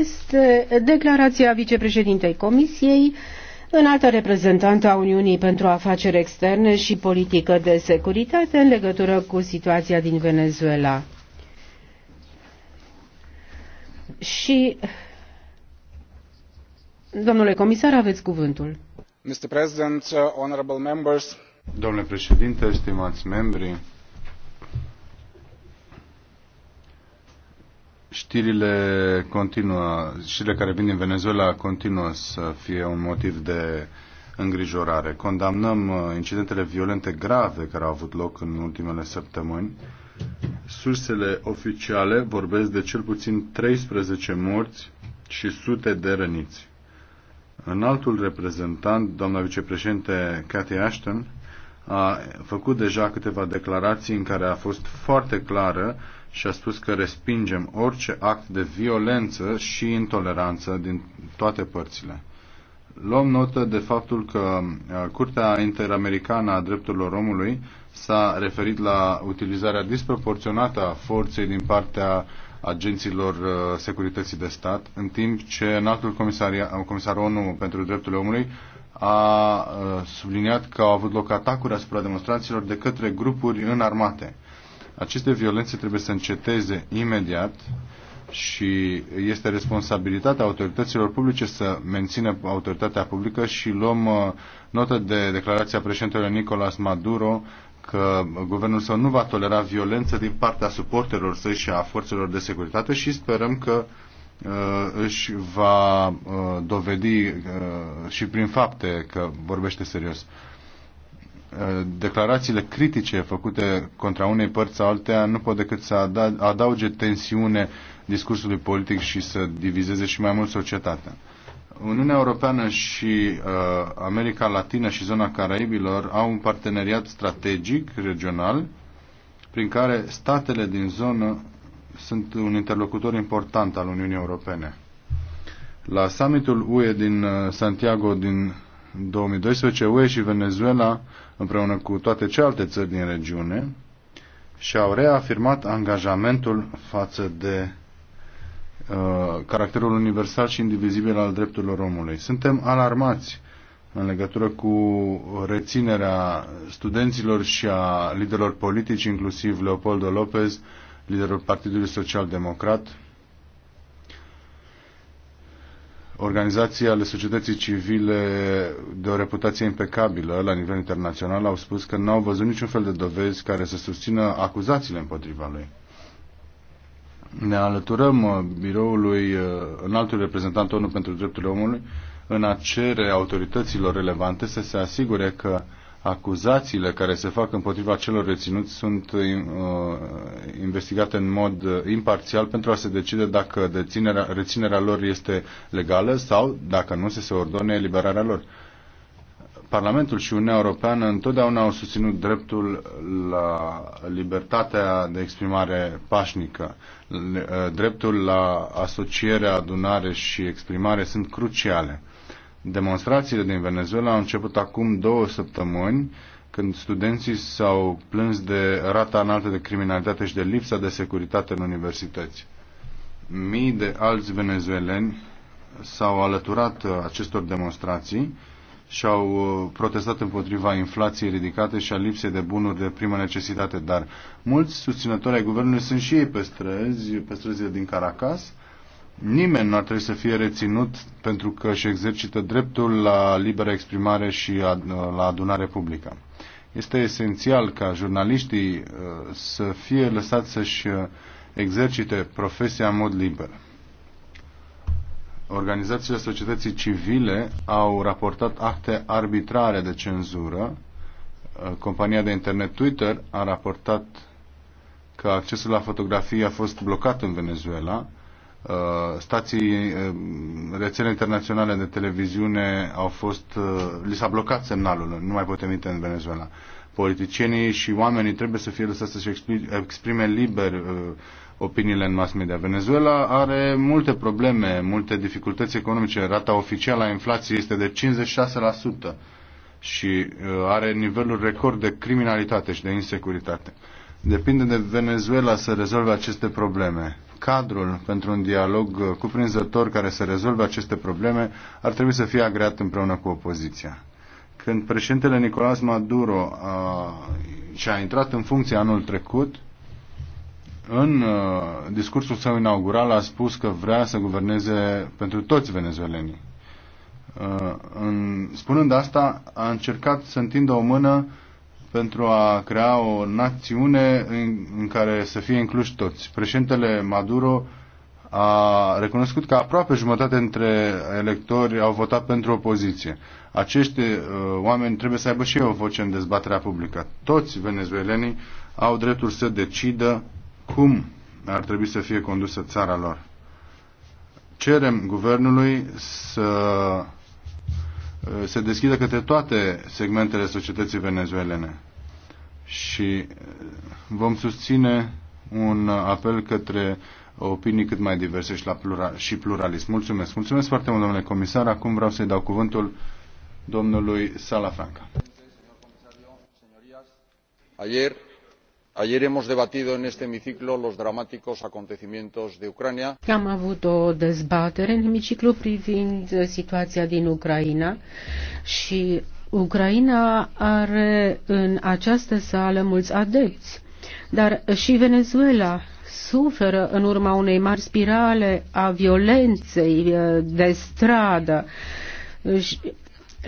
este declarația vicepreședintei Comisiei, înaltă reprezentantă a Uniunii pentru Afaceri Externe și Politică de Securitate în legătură cu situația din Venezuela. Și, domnule comisar, aveți cuvântul. Mr. President, uh, honorable members. Domnule președinte, stimați membri, Știrile continuă, știrile care vin din Venezuela continuă să fie un motiv de îngrijorare. Condamnăm uh, incidentele violente grave care au avut loc în ultimele săptămâni. Sursele oficiale vorbesc de cel puțin 13 morți și sute de răniți. În altul reprezentant, doamna vicepreședinte Cathy Ashton, a făcut deja câteva declarații în care a fost foarte clară și a spus că respingem orice act de violență și intoleranță din toate părțile. Luăm notă de faptul că uh, Curtea Interamericană a Drepturilor Omului s-a referit la utilizarea disproporționată a forței din partea agenților uh, securității de stat, în timp ce înaltul comisar, uh, comisar ONU pentru drepturile omului a subliniat că au avut loc atacuri asupra demonstranților de către grupuri înarmate. Aceste violențe trebuie să înceteze imediat și este responsabilitatea autorităților publice să mențină autoritatea publică și luăm uh, notă de declarația președintelui Nicolas Maduro că guvernul său nu va tolera violență din partea suporterilor săi și a forțelor de securitate și sperăm că uh, își va uh, dovedi uh, și prin fapte că vorbește serios. Eh, declarațiile critice făcute contra unei părți sau altea nu pot decât să adauge tensiune discursului politic și să divizeze și mai mult societatea. Uniunea Europeană și uh, America Latină și zona Caraibilor au un parteneriat strategic regional prin care statele din zonă sunt un interlocutor important al Uniunii Europene. La summitul UE din eh, Santiago din 2012, UE și Venezuela împreună cu toate celelalte țări din regiune și au reafirmat angajamentul față de uh, caracterul universal și indivizibil al drepturilor omului. Suntem alarmați în legătură cu reținerea studenților și a liderilor politici, inclusiv Leopoldo López, liderul Partidului Social Democrat, Organizații ale societății civile de o reputație impecabilă la nivel internațional au spus că nu au văzut niciun fel de dovezi care să susțină acuzațiile împotriva lui. Ne alăturăm uh, biroului uh, înaltului reprezentant ONU pentru drepturile omului în a cere autorităților relevante să se asigure că acuzațiile care se fac împotriva celor reținuți sunt uh, investigate în mod uh, imparțial pentru a se decide dacă deținerea, reținerea lor este legală sau, dacă nu, se se ordone eliberarea lor. Parlamentul și Uniunea Europeană întotdeauna au susținut dreptul la libertatea de exprimare pașnică. Uh, dreptul la asociere, adunare și exprimare sunt cruciale Demonstrațiile din Venezuela au început acum două săptămâni, când studenții s-au plâns de rata înaltă de criminalitate și de lipsa de securitate în universități. Mii de alți venezueleni s-au alăturat uh, acestor demonstrații și au uh, protestat împotriva inflației ridicate și a lipsei de bunuri de primă necesitate, dar mulți susținători ai guvernului sunt și ei pe străzi, pe străzile din Caracas Nimeni nu ar trebui să fie reținut pentru că își exercită dreptul la liberă exprimare și la adunare publică. Este esențial ca jurnaliștii uh, să fie lăsați să-și uh, exercite profesia în mod liber. Organizațiile societății civile au raportat acte arbitrare de cenzură. Uh, compania de internet Twitter a raportat că accesul la fotografii a fost blocat în Venezuela Uh, stații, uh, rețele internaționale de televiziune au fost, uh, li s-a blocat semnalul, nu mai pot emite în Venezuela. Politicienii și oamenii trebuie să fie lăsați să-și exprime liber opiniile în mass media. Venezuela are multe probleme, multe dificultăți economice. Rata oficială a inflației este de 56% și are nivelul record de criminalitate și de insecuritate. Depinde de Venezuela să rezolve aceste probleme cadrul pentru un dialog cuprinzător care să rezolve aceste probleme ar trebui să fie agreat împreună cu opoziția. Când președintele Nicolás Maduro a, și-a intrat în funcție anul trecut, în a, discursul său inaugural a spus că vrea să guverneze pentru toți venezuelenii. A, în, spunând asta, a încercat să întindă o mână pentru a crea o națiune în, în care să fie incluși toți. Președintele Maduro a recunoscut că aproape jumătate dintre electori au votat pentru opoziție. Acești uh, oameni trebuie să aibă și ei o voce în dezbaterea publică. Toți venezuelenii au dreptul să decidă cum ar trebui să fie condusă țara lor. Cerem guvernului să Uh, se deschidă către toate segmentele societății venezuelene. Și uh, vom susține un apel către opinii cât mai diverse și, la plural, și pluralism. Mulțumesc. Mulțumesc foarte mult, domnule comisar. Acum vreau să-i dau cuvântul domnului Salafranca. Ayer ayer hemos debatido en este hemiciclo los dramáticos acontecimientos de ucrania. am avut o dezbatere în hemiciclu privind situația din ucraina și ucraina are în această sală mulți adepți dar și venezuela suferă în urma unei mari spirale a violenței eh, de stradă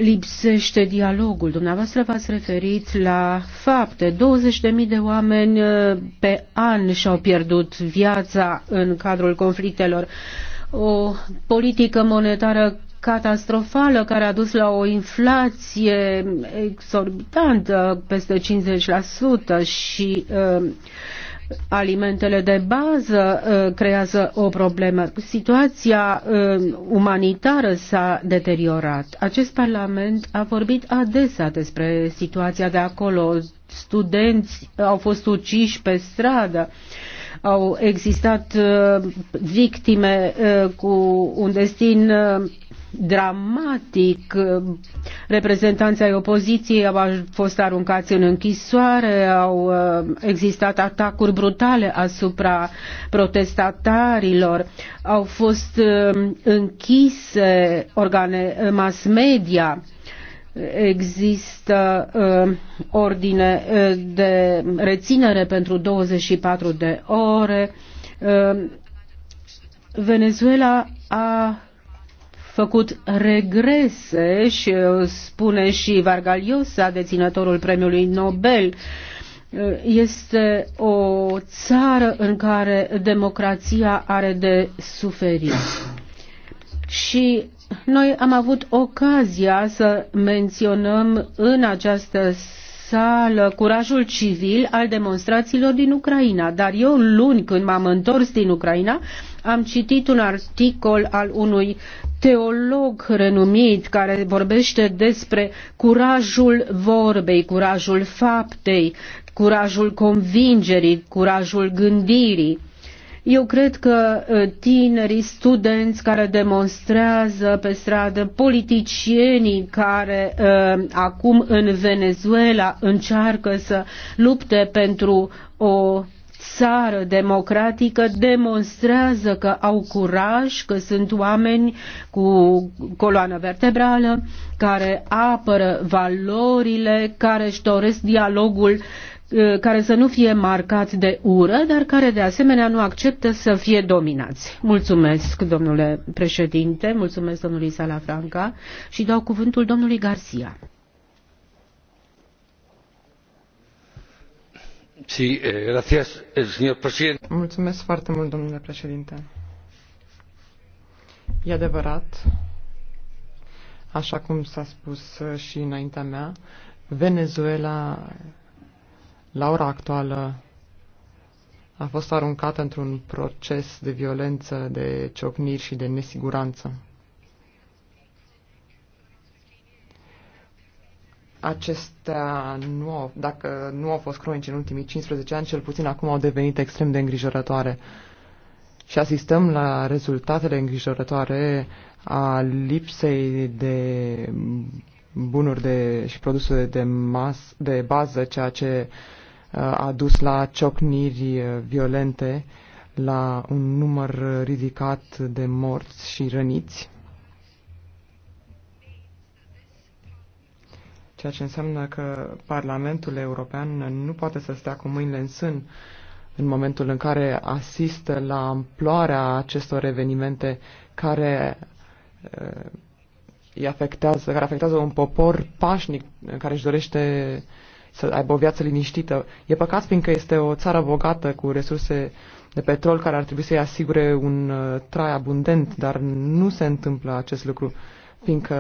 lipsește dialogul. Dumneavoastră v-ați referit la fapte. 20.000 de oameni uh, pe an și-au pierdut viața în cadrul conflictelor. O politică monetară catastrofală care a dus la o inflație exorbitantă, peste 50% și uh, alimentele de bază uh, creează o problemă. Situația uh, umanitară s-a deteriorat. Acest Parlament a vorbit adesea despre situația de acolo. Studenți au fost uciși pe stradă, au existat uh, victime cu un destin dramatic. Reprezentanții ai opoziției au fost aruncați în închisoare, au uh, existat atacuri brutale asupra protestatarilor, au fost uh, închise organe uh, mass media există ordine de reținere pentru 24 de ore. Venezuela a făcut regrese și uh, spune și Vargaliosa, deținătorul premiului Nobel, uh, este o țară în care democrația are de suferit. Și noi am avut ocazia să menționăm în această sală uh, curajul civil al demonstrațiilor din Ucraina. Dar eu luni când m-am întors din Ucraina am citit un articol al unui teolog renumit care vorbește despre curajul vorbei, curajul faptei, curajul convingerii, curajul gândirii eu cred că ă, tinerii, studenți care demonstrează pe stradă, politicienii care ă, acum în Venezuela încearcă să lupte pentru o țară democratică demonstrează că au curaj, că sunt oameni cu coloană vertebrală, care apără valorile, care își doresc dialogul Eh, care să nu fie marcați de ură, dar care de asemenea nu acceptă să fie dominați. Mulțumesc, domnule președinte, mulțumesc domnului Salafranca și dau cuvântul domnului Garcia. Sí, eh, gracias, eh, señor presidente. Mulțumesc foarte mult, domnule președinte. E adevărat, așa cum s-a spus și înaintea mea, Venezuela la ora actuală a fost aruncată într-un proces de violență, de ciocniri și de nesiguranță. Acestea nu au, dacă nu au fost cronice în ultimii 15 ani, cel puțin acum au devenit extrem de îngrijorătoare. Și asistăm la rezultatele îngrijorătoare a lipsei de bunuri de, și produse de, mas, de bază, ceea ce uh, a dus la ciocniri eh, violente, la un număr ridicat de morți și răniți. Ceea ce înseamnă că Parlamentul European nu poate să stea cu mâinile în sân în momentul în care asistă la amploarea acestor evenimente care eh, îi afectează, care afectează un popor pașnic care își dorește să aibă o viață liniștită. E păcat fiindcă este o țară bogată cu resurse de petrol care ar trebui să-i asigure un uh, trai abundent, dar nu se întâmplă acest lucru, fiindcă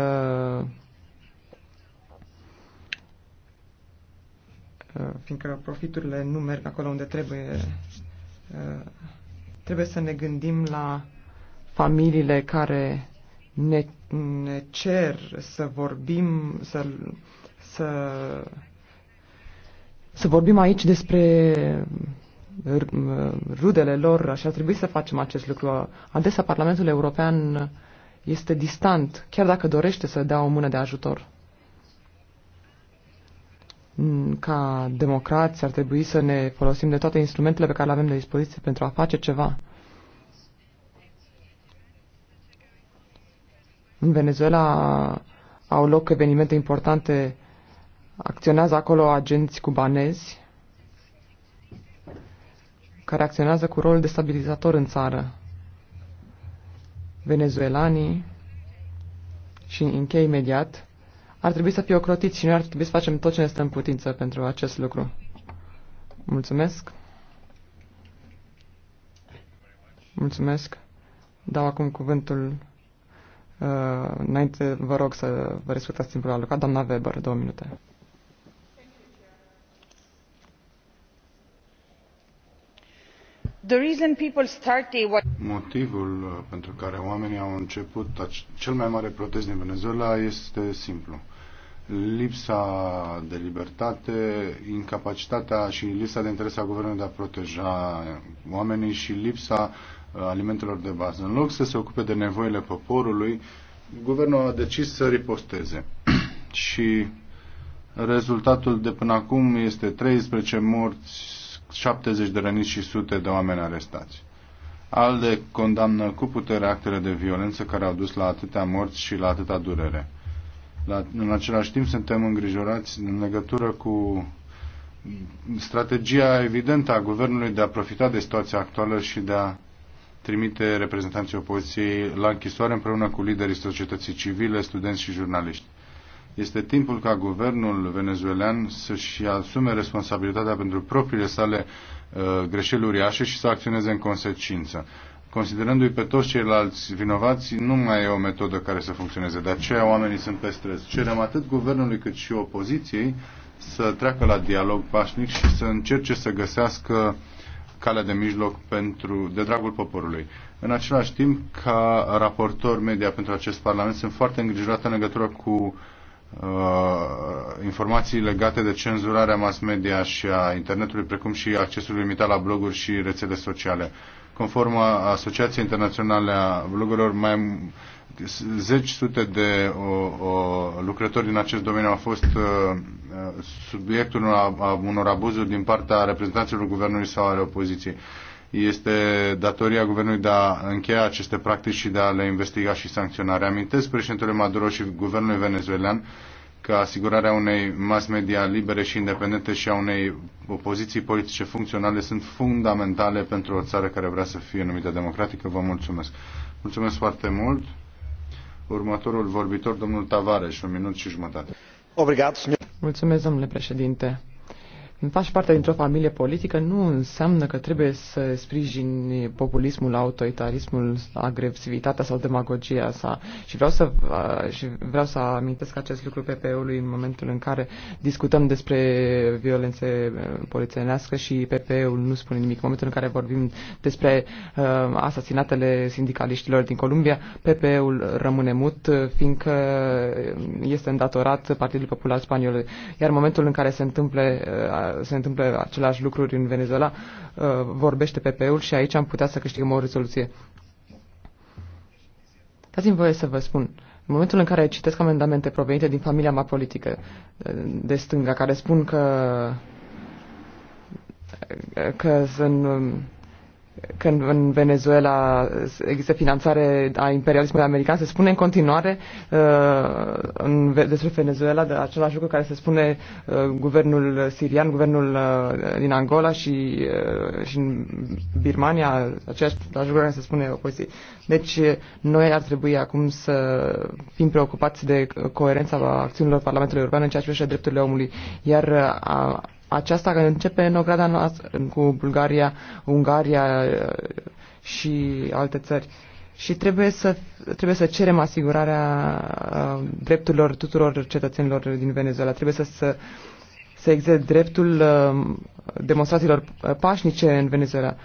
uh, fiindcă profiturile nu merg acolo unde trebuie. Uh, trebuie să ne gândim la familiile care ne, ne cer să vorbim, să, să să vorbim aici despre rudele lor și ar trebui să facem acest lucru. Adesea Parlamentul European este distant, chiar dacă dorește să dea o mână de ajutor. Ca democrați ar trebui să ne folosim de toate instrumentele pe care le avem la dispoziție pentru a face ceva. În Venezuela au loc evenimente importante Acționează acolo agenți cubanezi care acționează cu rol de stabilizator în țară. Venezuelanii și închei imediat ar trebui să fie ocrotiți și noi ar trebui să facem tot ce ne stă în putință pentru acest lucru. Mulțumesc. Mulțumesc. Dau acum cuvântul. Uh, înainte, vă rog să vă respectați timpul alocat. Doamna Weber, două minute. Motivul uh, pentru care oamenii au început cel mai mare protest din Venezuela este simplu. Lipsa de libertate, incapacitatea și lipsa de interes a guvernului de a proteja oamenii și lipsa uh, alimentelor de bază. În loc să se ocupe de nevoile poporului, guvernul a decis să riposteze. și rezultatul de până acum este 13 morți 70 de răniți și sute de oameni arestați. ALDE condamnă cu putere actele de violență care au dus la atâtea morți și la atâta durere. La, în același timp suntem îngrijorați în legătură cu strategia evidentă a guvernului de a profita de situația actuală și de a trimite reprezentanții opoziției la închisoare împreună cu liderii societății civile, studenți și jurnaliști. Este timpul ca guvernul venezuelan să-și asume responsabilitatea pentru propriile sale uh, greșeli uriașe și să acționeze în consecință. Considerându-i pe toți ceilalți vinovați, nu mai e o metodă care să funcționeze. De aceea oamenii sunt pe stres. Cerem atât guvernului cât și opoziției să treacă la dialog pașnic și să încerce să găsească calea de mijloc pentru, de dragul poporului. În același timp, ca raportor media pentru acest Parlament, sunt foarte îngrijorat în legătură cu uh, Uh, informații legate de cenzurarea mass media și a internetului, precum și accesul limitat la bloguri și rețele sociale. Conform Asociației Internaționale a Blogurilor, mai zeci sute de o, o, lucrători din acest domeniu au fost uh, subiectul a, a unor abuzuri din partea reprezentanților guvernului sau ale opoziției. Uh, este datoria guvernului de a încheia aceste practici și de a le investiga și sancționa. Reamintesc președintele Maduro și guvernului venezuelan că asigurarea unei mass media libere și independente și a unei opoziții politice funcționale sunt fundamentale pentru o țară care vrea să fie numită democratică. Vă mulțumesc. Mulțumesc foarte mult. Următorul vorbitor, domnul Tavares, un minut și jumătate. Obrigat. Mulțumesc, domnule președinte faci parte dintr-o familie politică nu înseamnă că trebuie să sprijini populismul, autoritarismul, agresivitatea sau demagogia sa. Și vreau să, și vreau să amintesc acest lucru PPE-ului în momentul în care discutăm despre violențe polițienească și PPE-ul nu spune nimic. În momentul în care vorbim despre uh, asasinatele sindicaliștilor din Columbia, PPE-ul rămâne mut fiindcă este îndatorat Partidul Popular Spaniol. Iar în momentul în care se întâmple uh, se întâmplă aceleași lucruri în Venezuela, uh, vorbește PP-ul și aici am putea să câștigăm o rezoluție. Dați-mi voie să vă spun. În momentul în care citesc amendamente provenite din familia mea politică uh, de stânga, care spun că uh, că sunt um, când în Venezuela există finanțare a imperialismului american, se spune în continuare uh, în, despre Venezuela de același lucru care se spune uh, guvernul sirian, guvernul uh, din Angola și, uh, și în Birmania, același lucru care se spune opoziție. Deci noi ar trebui acum să fim preocupați de coerența acțiunilor Parlamentului European în ceea ce privește drepturile omului, iar uh, aceasta începe în ograda noastră, cu Bulgaria, Ungaria eh, și alte țări. Și trebuie să, trebuie să cerem asigurarea eh, drepturilor tuturor cetățenilor din Venezuela. Trebuie să, să, să exerce dreptul eh, demonstrațiilor pașnice în Venezuela.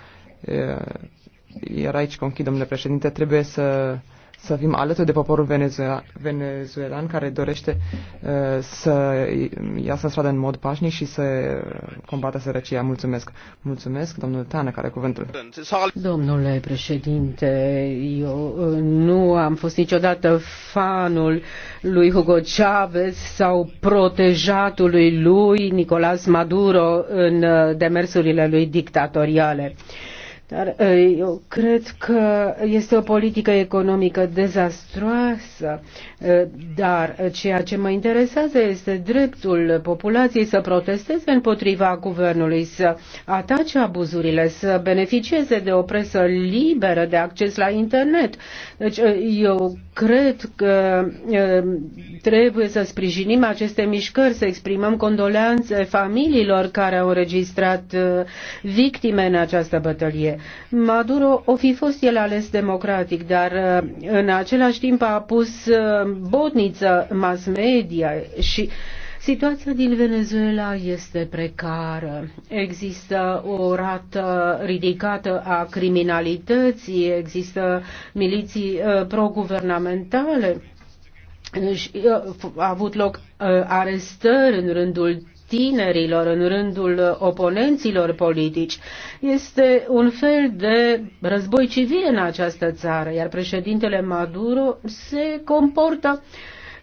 Iar aici conchid, domnule președinte, trebuie să să fim alături de poporul venezuelan, venezuelan care dorește uh, să iasă în stradă în mod pașnic și să combată sărăcia. Mulțumesc. Mulțumesc, domnul Tane, care cuvântul. Domnule președinte, eu uh, nu am fost niciodată fanul lui Hugo Chavez sau protejatului lui Nicolas Maduro în uh, demersurile lui dictatoriale. Uh, dar eh, eu cred că este o politică economică dezastroasă. Eh, dar eh, ceea ce mă interesează este dreptul populației să protesteze împotriva guvernului, să atace abuzurile, să beneficieze de o presă liberă de acces la internet. Deci eu cred că trebuie să sprijinim aceste mișcări, să exprimăm condoleanțe familiilor care au înregistrat victime în această bătălie. Maduro o fi fost el ales democratic, dar uh, în același timp a pus uh, botniță mass media și Situația din Venezuela este precară. Există o rată ridicată a criminalității, există miliții uh, proguvernamentale. A avut loc arestări în rândul tinerilor, în rândul oponenților politici. Este un fel de război civil în această țară, iar președintele Maduro se comportă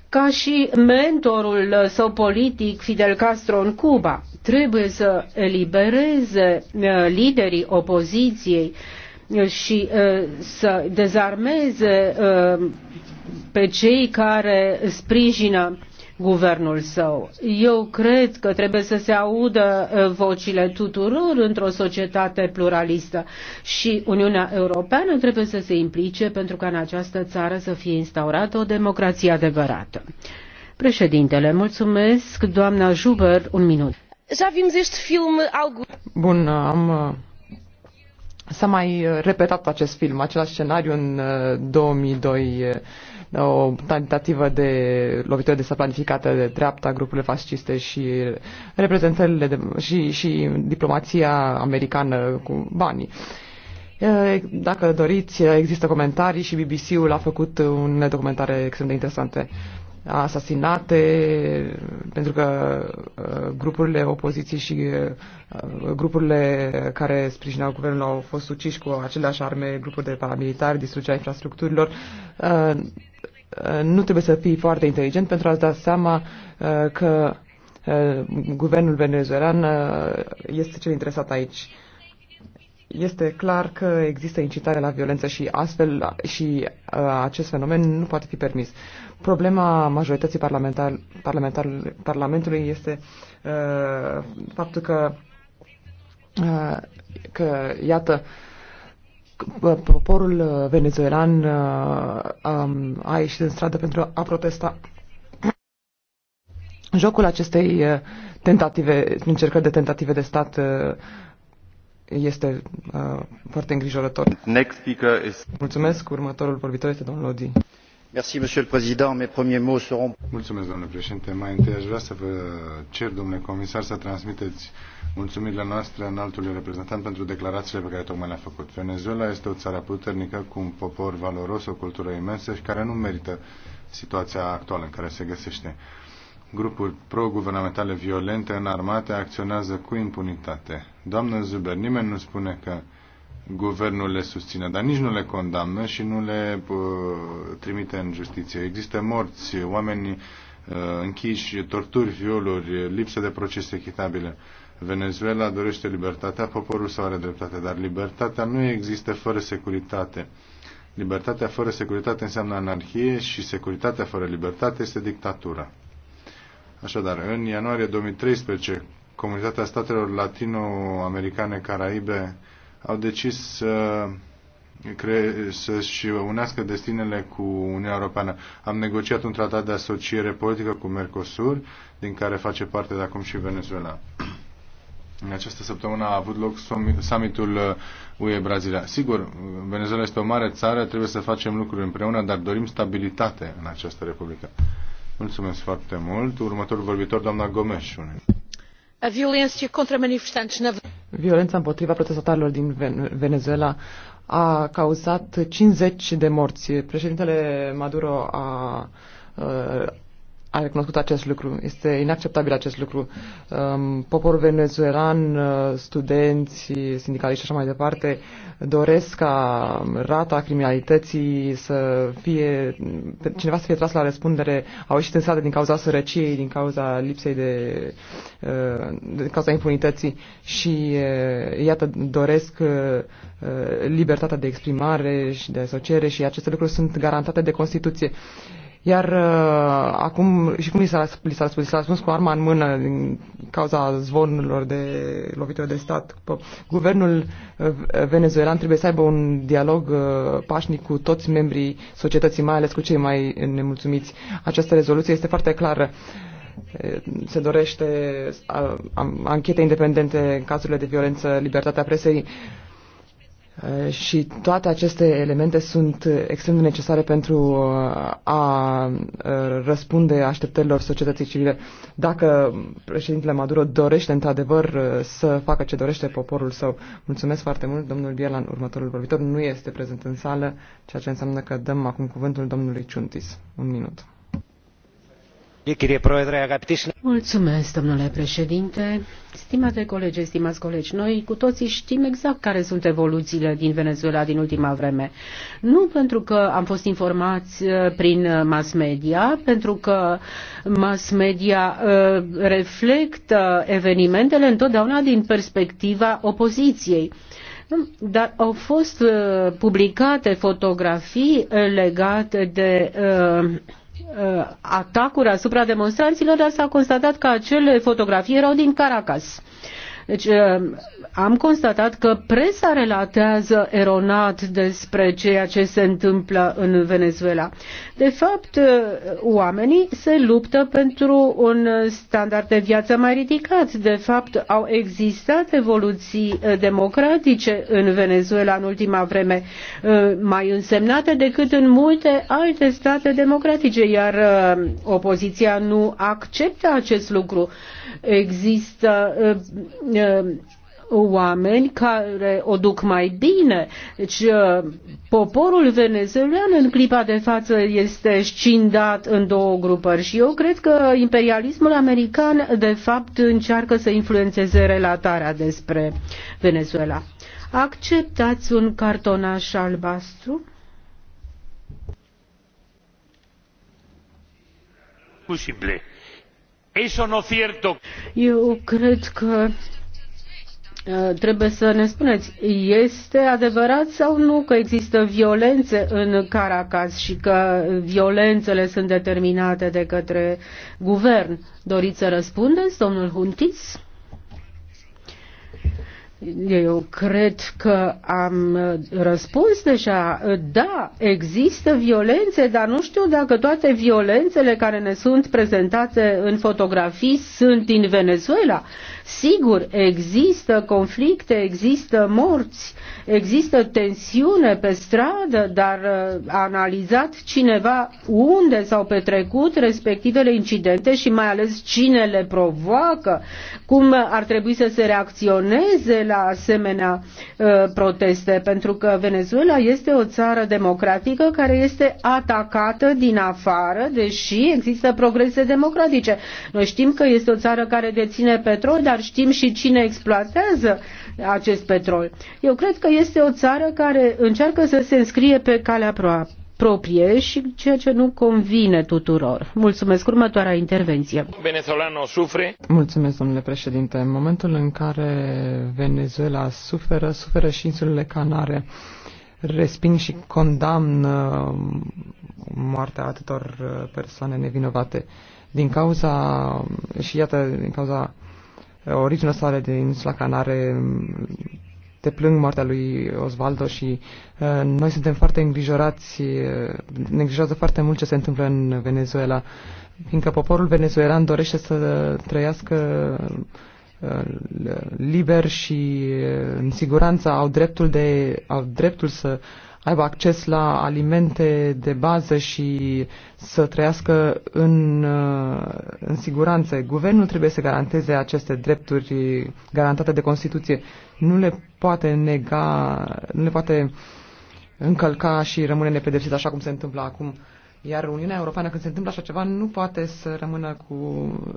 ca și mentorul său politic Fidel Castro în Cuba. Trebuie să elibereze uh, liderii opoziției uh, și uh, să dezarmeze pe cei care sprijină guvernul său. Eu cred că trebuie să se audă uh, vocile tuturor într-o societate pluralistă și Uniunea Europeană trebuie să se implice pentru ca în această țară să fie instaurată o democrație adevărată. Președintele, mulțumesc, doamna Juber, un minut. Já vimos este filme algo. Bun, am uh, S-a mai repetat acest film, același scenariu în 2002 uh, o tentativă de lovitură de planificată de dreapta, grupurile fasciste și reprezentările de, și, și diplomația americană cu banii. Dacă doriți, există comentarii și BBC-ul a făcut unele documentare extrem de interesante asasinate pentru că uh, grupurile opoziției și uh, uh, grupurile care sprijineau guvernul au fost uciși cu aceleași arme, grupuri de paramilitari, distrugea infrastructurilor. Nu trebuie să fii foarte inteligent pentru a-ți da seama că guvernul venezuelan este cel interesat aici este clar că există incitare la violență și astfel și uh, acest fenomen nu poate fi permis. Problema majorității parlamentar, parlamentar, Parlamentului este uh, faptul că, uh, că iată, poporul venezuelan uh, um, a ieșit în stradă pentru a protesta jocul acestei uh, tentative, încercări de tentative de stat uh, este uh, foarte îngrijorător. Next speaker is... Mulțumesc. Următorul vorbitor este domnul Lodi. Mulțumesc domnule președinte mai întâi aș vrea să vă cer domnule comisar să transmiteți mulțumirile noastre înaltului reprezentant pentru declarațiile pe care tocmai le-a făcut. venezuela este o țară puternică cu un popor valoros o cultură imensă și care nu merită situația actuală în care se găsește. Grupuri pro-guvernamentale violente înarmate acționează cu impunitate. Doamnă Zuber, nimeni nu spune că guvernul le susține, dar nici nu le condamnă și nu le uh, trimite în justiție. Există morți, oameni uh, închiși, torturi, violuri, lipsă de procese echitabile. Venezuela dorește libertatea, poporul său are dreptate, dar libertatea nu există fără securitate. Libertatea fără securitate înseamnă anarhie și securitatea fără libertate este dictatura. Așadar, în ianuarie 2013, Comunitatea Statelor Latino-Americane Caraibe au decis să să-și unească destinele cu Uniunea Europeană. Am negociat un tratat de asociere politică cu Mercosur, din care face parte de acum și Venezuela. În această săptămână a avut loc summitul UE Brazilia. Sigur, Venezuela este o mare țară, trebuie să facem lucruri împreună, dar dorim stabilitate în această republică. Mulțumesc foarte mult. Următorul vorbitor, doamna Gomes. A violență contra manifestantes na violența împotriva protestatarilor din Venezuela a cauzat 50 de morți. Președintele Maduro a uh, a recunoscut acest lucru. Este inacceptabil acest lucru. Um, poporul venezuelan, uh, studenți, sindicaliști și așa mai departe doresc ca rata criminalității să fie, cineva să fie tras la răspundere. Au ieșit în sate din cauza sărăciei, din cauza lipsei de, uh, din cauza impunității și uh, iată doresc uh, libertatea de exprimare și de asociere și aceste lucruri sunt garantate de Constituție. Uh, iar uh, acum, și cum li s-a, spus, li s-a spus cu arma în mână din cauza zvonurilor de lovitură de stat. Guvernul uh, venezuelan trebuie să aibă un dialog uh, pașnic cu toți membrii societății, mai ales cu cei mai nemulțumiți. Această rezoluție este foarte clară. Uh, se dorește uh, anchete independente în cazurile de violență, libertatea presei, Eh, și toate aceste elemente sunt extrem de necesare pentru uh, a uh, răspunde așteptărilor societății civile. Dacă președintele Maduro dorește într-adevăr uh, să facă ce dorește poporul său, mulțumesc foarte mult. Domnul Bielan, următorul vorbitor, nu este prezent în sală, ceea ce înseamnă că dăm acum cuvântul domnului Ciuntis. Un minut. Mulțumesc, domnule președinte. Stimate colegi, stimați colegi, noi cu toții știm exact care sunt evoluțiile din Venezuela din ultima vreme. Nu pentru că am fost informați uh, prin mass media, pentru că mass media uh, reflectă evenimentele întotdeauna din perspectiva opoziției. Dar au fost uh, publicate fotografii legate de uh, Uh, atacuri asupra demonstranților, dar s-a constatat că acele fotografii erau din Caracas. Deci uh, am constatat că presa relatează eronat despre ceea ce se întâmplă în Venezuela. De fapt, oamenii se luptă pentru un standard de viață mai ridicat. De fapt, au existat evoluții eh, democratice în Venezuela în ultima vreme, eh, mai însemnate decât în multe alte state democratice, iar eh, opoziția nu acceptă acest lucru. Există oameni care o duc mai bine. Deci uh, poporul venezuelan în clipa de față este scindat în două grupări și eu cred că imperialismul american de fapt încearcă să influențeze relatarea despre Venezuela. Acceptați un cartonaș albastru? Posible. Eso no cierto. Eu cred că Eh, trebuie să ne spuneți, este adevărat sau nu că există violențe în Caracas și că violențele sunt determinate de către guvern? Doriți să răspundeți, domnul Huntis? Eu cred că am răspuns deja. Da, există violențe, dar nu știu dacă toate violențele care ne sunt prezentate în fotografii sunt din Venezuela. Sigur, există conflicte, există morți, există tensiune pe stradă, dar uh, a analizat cineva unde s-au petrecut respectivele incidente și mai ales cine le provoacă, cum ar trebui să se reacționeze la asemenea uh, proteste, pentru că Venezuela este o țară democratică care este atacată din afară, deși există progrese democratice. Noi știm că este o țară care deține petrol, dar dar știm și cine exploatează acest petrol. Eu cred că este o țară care încearcă să se înscrie pe calea proapă proprie și ceea ce nu convine tuturor. Mulțumesc. Următoarea intervenție. Venezuelano sufre. Mulțumesc, domnule președinte. În momentul în care Venezuela suferă, suferă și insulele Canare. Resping și condamn moartea atâtor uh, persoane nevinovate. Din cauza, și iată, din cauza originea sa din insula Canare, te plâng moartea lui Osvaldo și uh, noi suntem foarte îngrijorați, uh, ne îngrijorează foarte mult ce se întâmplă în Venezuela, fiindcă poporul venezuelan dorește să trăiască uh, liber și uh, în siguranță, au dreptul, de, au dreptul să uh, aibă acces la alimente de bază și să trăiască în, uh, în siguranță. Guvernul trebuie să garanteze aceste drepturi garantate de Constituție. Nu le poate nega, nu le poate încălca și rămâne nepedepsit așa cum se întâmplă acum. Iar Uniunea Europeană, când se întâmplă așa ceva, nu poate să rămână, cu,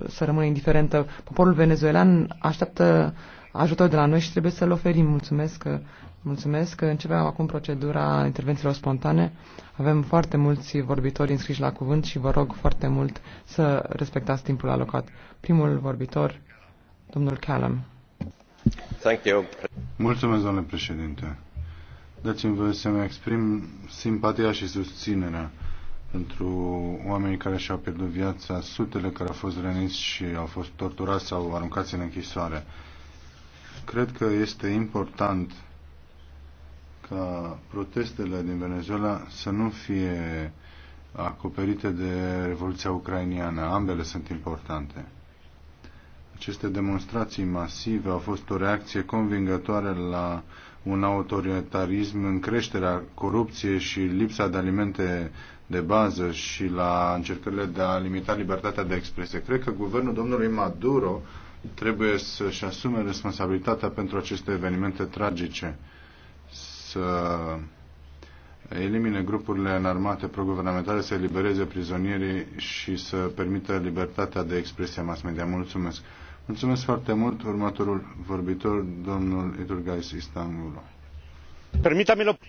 să rămână indiferentă. Poporul venezuelan așteaptă ajutor de la noi și trebuie să-l oferim. Mulțumesc că, mulțumesc că începem acum procedura intervențiilor spontane. Avem foarte mulți vorbitori înscriși la cuvânt și vă rog foarte mult să respectați timpul alocat. Primul vorbitor, domnul Callum. Thank you. Mulțumesc, domnule președinte. Dați-mi voie să-mi exprim simpatia și susținerea pentru oamenii care și-au pierdut viața, sutele care au fost răniți și au fost torturați sau aruncați în închisoare cred că este important ca protestele din Venezuela să nu fie acoperite de Revoluția Ucrainiană. Ambele sunt importante. Aceste demonstrații masive au fost o reacție convingătoare la un autoritarism în creșterea corupției și lipsa de alimente de bază și la încercările de a limita libertatea de expresie. Cred că guvernul domnului Maduro trebuie să-și asume responsabilitatea pentru aceste evenimente tragice, să elimine grupurile înarmate proguvernamentale, să elibereze prizonierii și să permită libertatea de expresie a mass media. Mulțumesc! Mulțumesc foarte mult. Următorul vorbitor, domnul Iturgais Istanbulu.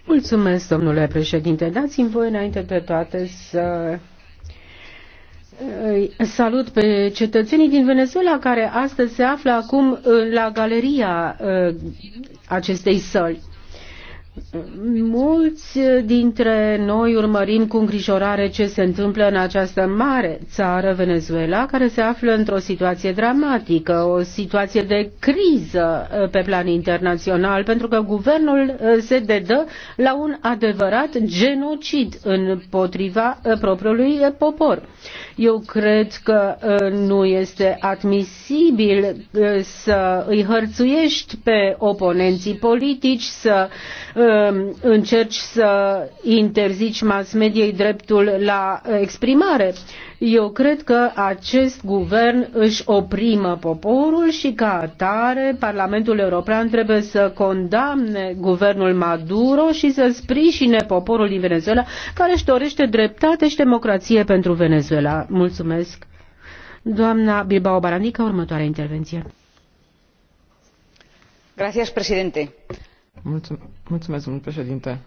Mulțumesc, domnule președinte. Dați-mi voi înainte de toate să Salut pe cetățenii din Venezuela care astăzi se află acum la galeria uh, acestei săli. Mulți dintre noi urmărim cu îngrijorare ce se întâmplă în această mare țară, Venezuela, care se află într-o situație dramatică, o situație de criză uh, pe plan internațional, pentru că guvernul uh, se dedă la un adevărat genocid împotriva uh, propriului popor. Eu cred că nu este admisibil să îi hărțuiești pe oponenții politici, să încerci să interzici mass mediei dreptul la exprimare. Eu cred că acest guvern își oprimă poporul și ca atare Parlamentul European trebuie să condamne guvernul Maduro și să sprijine poporul din Venezuela care își dorește dreptate și democrație pentru Venezuela. Mulțumesc. Doamna Bilbao Barandica, următoarea intervenție. Gracias, presidente Mulțum- mulțumesc, domnul președinte.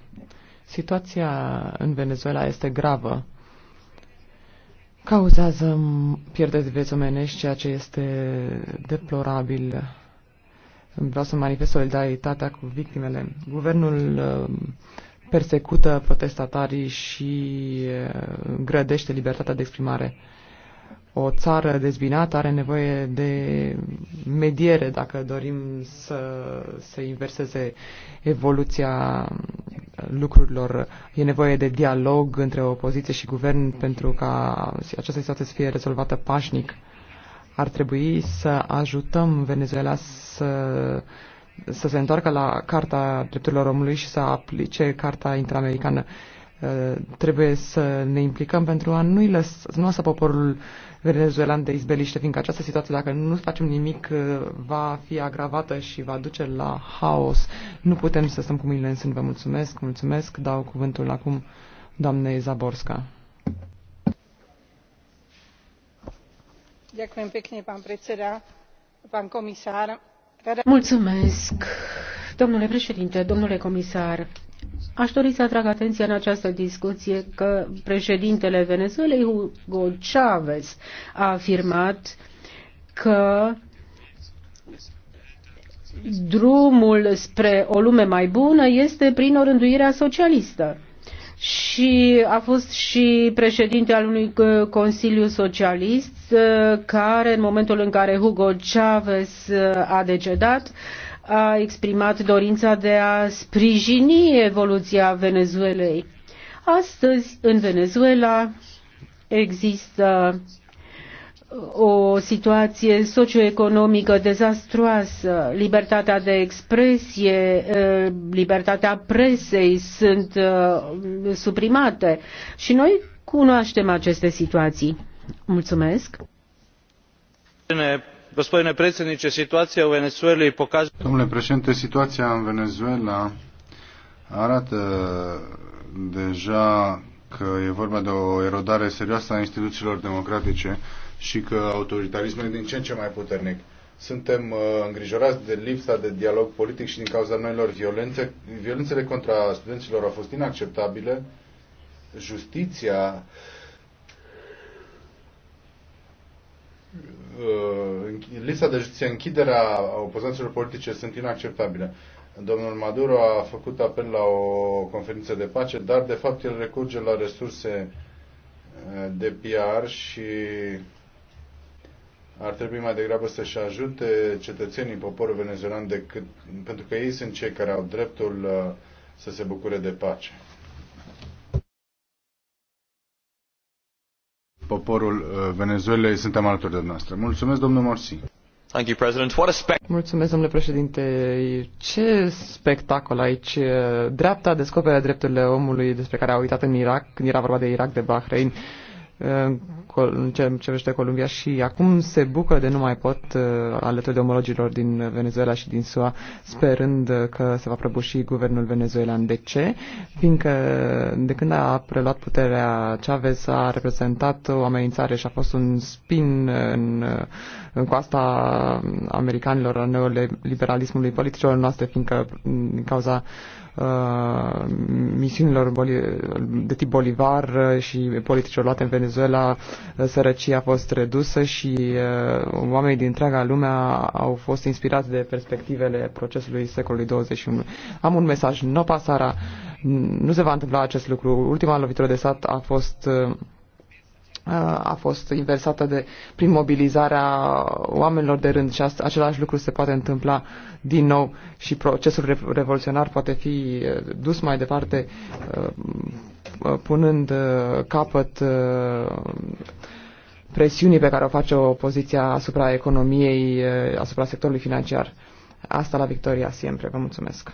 Situația în Venezuela este gravă. Cauzează pierderi de vieți omenești, ceea ce este deplorabil. Vreau să manifest solidaritatea cu victimele. Guvernul um, persecută protestatarii și uh, grădește libertatea de exprimare o țară dezbinată are nevoie de mediere dacă dorim să se inverseze evoluția lucrurilor. E nevoie de dialog între opoziție și guvern pentru ca această situație să fie rezolvată pașnic. Ar trebui să ajutăm Venezuela să să se întoarcă la Carta Drepturilor Omului și să aplice Carta Interamericană. Trebuie să ne implicăm pentru a nu-i lăsa, nu lăsa poporul uh, Venezuelan de izbeliște, fiindcă această situație, dacă nu facem nimic, uh, va fi agravată și va duce la haos. Nu putem să stăm cu mâinile în sân. Vă mulțumesc, mulțumesc. Dau cuvântul acum doamnei Zaborska. Mulțumesc, domnule președinte domnule comisar Aș dori să atrag atenția în această discuție că președintele Venezuelei, Hugo Chavez, a afirmat că drumul spre o lume mai bună este prin orânduirea socialistă. Și a fost și președinte al unui Consiliu Socialist care, în momentul în care Hugo Chavez a decedat, a exprimat dorința de a sprijini evoluția Venezuelei. Astăzi, în Venezuela, există o situație socioeconomică dezastruoasă. Libertatea de expresie, eh, libertatea presei sunt eh, suprimate și noi cunoaștem aceste situații. Mulțumesc! gospodine predsjedniče situația u venezuelei pokazuje. domnule președinte situația în venezuela arată deja că e vorba de o erodare serioasă a instituțiilor democratice și că autoritarismul e din ce în ce mai puternic. Suntem uh, îngrijorați de lipsa de dialog politic și din cauza noilor violențe. Violențele contra studenților au fost inacceptabile. Justiția Uh, lista de justiție, închiderea opozanților politice sunt inacceptabile. Domnul Maduro a făcut apel la o conferință de pace, dar de fapt el recurge la resurse uh, de PR și ar trebui mai degrabă să-și ajute cetățenii, poporul venezuelan, decât, pentru că ei sunt cei care au dreptul uh, să se bucure de pace. poporul uh, Venezuelei. Suntem alături de noastră. Mulțumesc, domnul Morsi. Mulțumesc, domnule președinte. Ce spectacol aici. Dreapta descoperă drepturile omului despre care a uitat în Irak, când era vorba de Irak, de Bahrain în ce vește Columbia și acum se bucură de nu mai pot uh, alături de omologilor din Venezuela și din SUA, sperând că se va prăbuși guvernul venezuelan. De ce? Fiindcă uh, de când a preluat puterea Chavez a reprezentat o amenințare și a fost un spin în, uh, în coasta americanilor, a neoliberalismului politicilor noastre, fiindcă din cauza emisiunilor de tip bolivar uh, și politicilor luate în Venezuela, uh, sărăcia a fost redusă și uh, oamenii din întreaga lume au fost inspirați de perspectivele procesului secolului 21. Am un mesaj, no pasara, nu se va întâmpla acest lucru. Ultima lovitură de stat a fost a fost inversată de, prin mobilizarea oamenilor de rând și asta, același lucru se poate întâmpla din nou și procesul revoluționar poate fi eh, dus mai departe eh, eh, punând capăt presiunii pe care o face opoziția asupra economiei, asupra sectorului financiar. Asta la Victoria Siempre. Vă mulțumesc.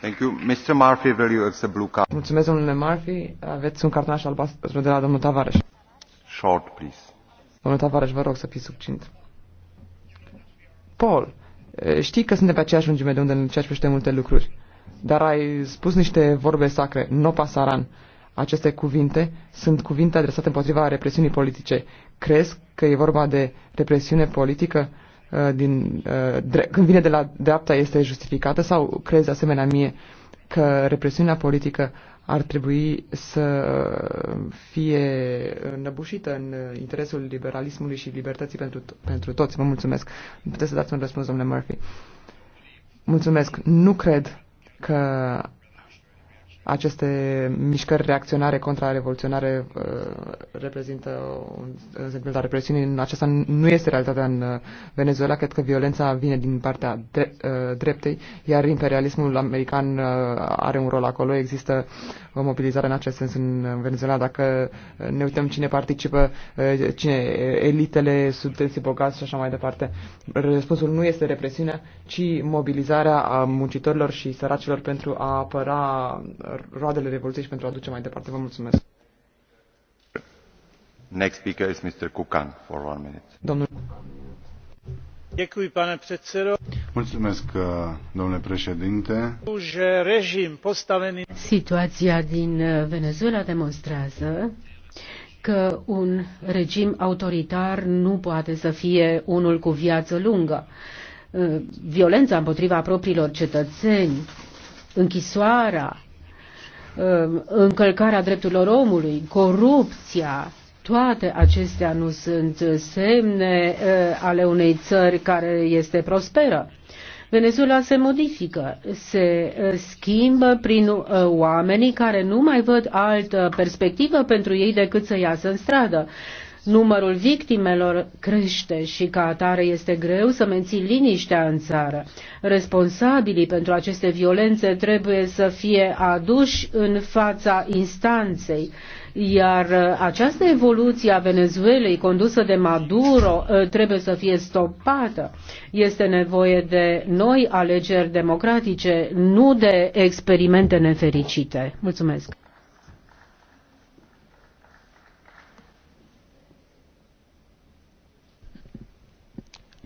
Thank you. Mr. Murphy, will you accept blue card? Mulțumesc, domnule Murphy. Aveți un cartonaș albastru de la domnul Tavares. Short, please. Domnul Tavares, vă rog să fiți succint. Paul, știi că suntem pe aceeași lungime de unde în ceea ce multe lucruri, dar ai spus niște vorbe sacre, no pasaran. Aceste cuvinte sunt cuvinte adresate împotriva represiunii politice. Crezi că e vorba de represiune politică din, când vine de la dreapta este justificată sau crezi asemenea mie că represiunea politică ar trebui să fie înăbușită în interesul liberalismului și libertății pentru, pentru toți. Vă mulțumesc. Puteți să dați un răspuns, domnule Murphy. Mulțumesc. Nu cred că aceste mișcări reacționare contra uh, reprezintă un exemplu de represiune. Aceasta nu este realitatea în uh, Venezuela. Cred că violența vine din partea uh, dreptei, iar imperialismul american uh, are un rol acolo. Există o mobilizare în acest sens în Venezuela. Dacă uh, ne uităm cine participă, cine, elitele, subtenții bogați și așa mai departe, răspunsul nu este represiunea, ci mobilizarea a muncitorilor și săracilor pentru a apăra roadele Revoluției și pentru a duce mai departe. Vă mulțumesc. Next speaker is Mr. Kukan for one minute. Domnul... Mulțumesc, uh, domnule președinte. Situația din uh, Venezuela demonstrează că un regim autoritar nu poate să fie unul cu viață lungă. Uh, violența împotriva propriilor cetățeni, închisoarea, Um, încălcarea drepturilor omului, corupția, toate acestea nu sunt semne uh, ale unei țări care este prosperă. Venezuela se modifică, se uh, schimbă prin uh, oamenii care nu mai văd altă perspectivă pentru ei decât să iasă în stradă numărul victimelor crește și ca atare este greu să menții liniștea în țară. Responsabilii pentru aceste violențe trebuie să fie aduși în fața instanței iar uh, această evoluție a Venezuelei condusă de Maduro uh, trebuie să fie stopată. Este nevoie de noi alegeri democratice, nu de experimente nefericite. Mulțumesc!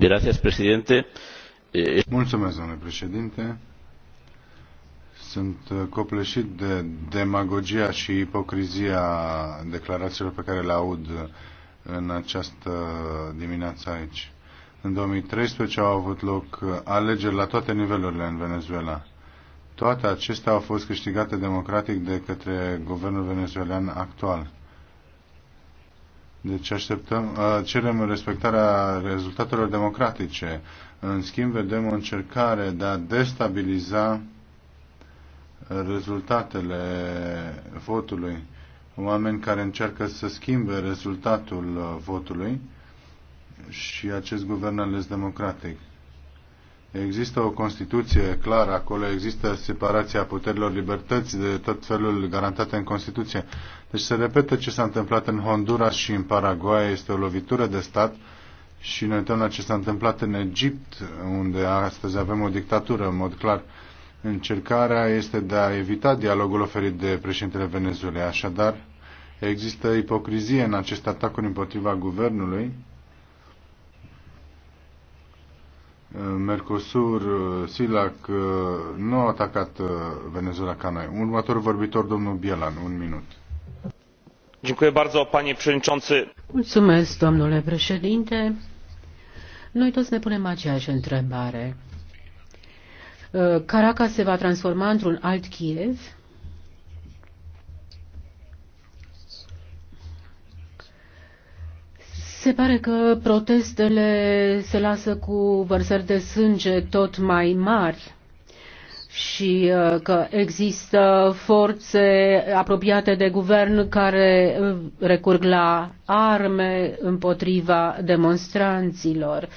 Eh, Mulțumesc, domnule președinte. Sunt uh, copleșit de demagogia și ipocrizia declarațiilor pe care le aud uh, în această dimineață aici. În 2013 au avut loc uh, alegeri la toate nivelurile în Venezuela. Toate acestea au fost câștigate democratic de către guvernul venezuelan actual. Deci așteptăm, cerem respectarea rezultatelor democratice. În schimb, vedem o încercare de a destabiliza rezultatele votului. Oameni care încearcă să schimbe rezultatul votului și acest guvern ales democratic. Există o Constituție clară acolo, există separația puterilor libertăți de tot felul garantate în Constituție. Deci se repetă ce s-a întâmplat în Honduras și în Paraguay, este o lovitură de stat și ne uităm la ce s-a întâmplat în Egipt, unde astăzi avem o dictatură, în mod clar. Încercarea este de a evita dialogul oferit de președintele Venezuelei. Așadar, există ipocrizie în aceste atacuri împotriva guvernului. Mercosur, Silac nu au atacat Venezuela ca noi. Următorul vorbitor, domnul Bielan, un minut. Noi toți ne punem aceeași întrebare. Uh, Caracas se va transforma într-un alt Kiev? Se pare că protestele se lasă cu vărsări de sânge tot mai mari și uh, că există forțe apropiate de guvern care uh, recurg la arme împotriva demonstranților.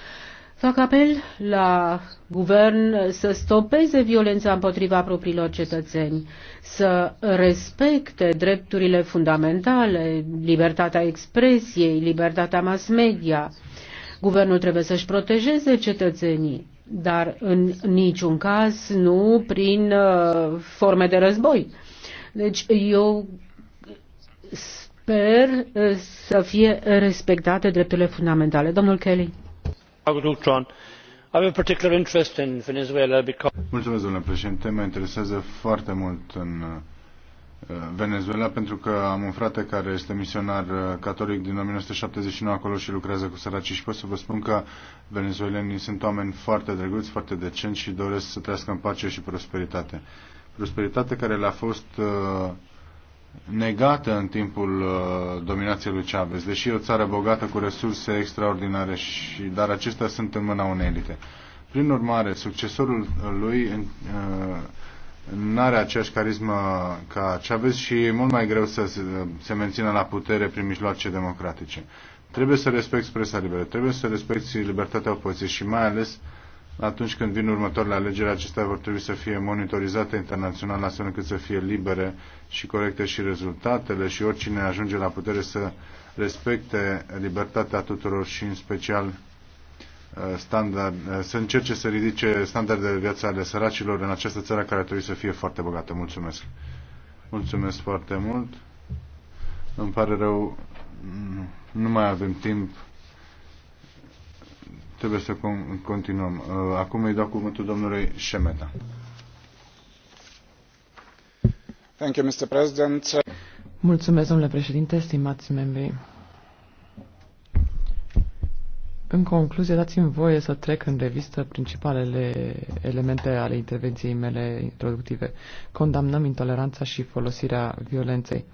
Fac apel la guvern să stopeze violența împotriva propriilor cetățeni, să respecte drepturile fundamentale, libertatea expresiei, libertatea mass media. Guvernul trebuie să-și protejeze cetățenii dar în niciun caz nu prin uh, forme de război. Deci eu sper uh, să fie respectate drepturile fundamentale. Domnul Kelly. Mulțumesc, domnule președinte. Mă interesează foarte mult în uh, Uh, Venezuela pentru că am un frate care este misionar uh, catolic din 1979 acolo și lucrează cu săracii și pot să vă spun că venezuelenii sunt oameni foarte drăguți, foarte decenți și doresc să trăiască în pace și prosperitate. Prosperitate care le-a fost uh, negată în timpul dominației lui Chavez, deși e o țară bogată cu resurse extraordinare, și, dar acestea sunt în mâna unei elite. Prin urmare, succesorul lui nu are aceeași carismă ca Chavez și e mult mai greu să se mențină la putere prin mijloace democratice. Trebuie să respecti presa liberă, trebuie să respecti libertatea opoziției și mai ales atunci când vin următoarele alegeri, acestea vor trebui să fie monitorizate internațional, astfel încât să fie libere și corecte și rezultatele și oricine ajunge la putere să respecte libertatea tuturor și în special Uh, standard, uh, să încerce să ridice standardele de viață ale săracilor în această țară care trebuie să fie foarte bogată. Mulțumesc. Mulțumesc foarte mult. Îmi pare rău, nu mai avem timp. Trebuie să continuăm. Uh, acum îi dau cuvântul domnului Șemeta. Thank you, Mr. President. Mulțumesc, domnule președinte, stimați membri. În concluzie, dați-mi voie să trec în revistă principalele elemente ale intervenției mele introductive. Condamnăm intoleranța și folosirea violenței.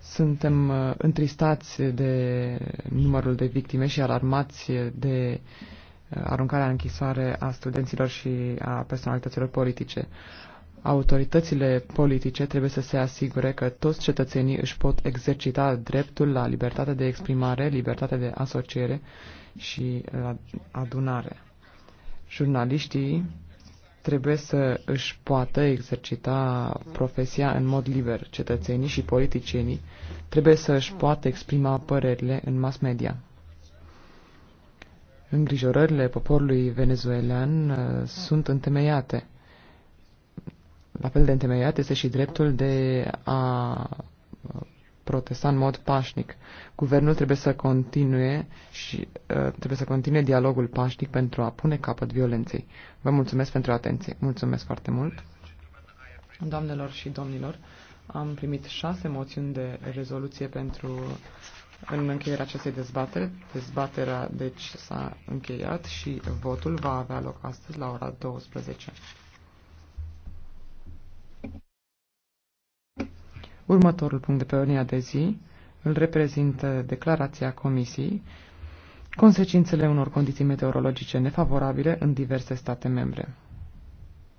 Suntem uh, întristați de numărul de victime și alarmați de uh, aruncarea închisoare a studenților și a personalităților politice. Autoritățile politice trebuie să se asigure că toți cetățenii își pot exercita dreptul la libertate de exprimare, libertate de asociere și uh, adunare. Jurnaliștii trebuie să își poată exercita profesia în mod liber. Cetățenii și politicienii trebuie să își poată exprima părerile în mass media. Îngrijorările poporului venezuelan uh, sunt întemeiate la fel de întemeiat este și dreptul de a protesta în mod pașnic. Guvernul trebuie să continue și uh, trebuie să continue dialogul pașnic pentru a pune capăt violenței. Vă mulțumesc pentru atenție. Mulțumesc foarte mult. Doamnelor și domnilor, am primit șase moțiuni de rezoluție pentru în încheierea acestei dezbatere. Dezbaterea, deci, s-a încheiat și votul va avea loc astăzi la ora 12. Următorul punct de pe ordinea de zi îl reprezintă declarația Comisiei consecințele unor condiții meteorologice nefavorabile în diverse state membre.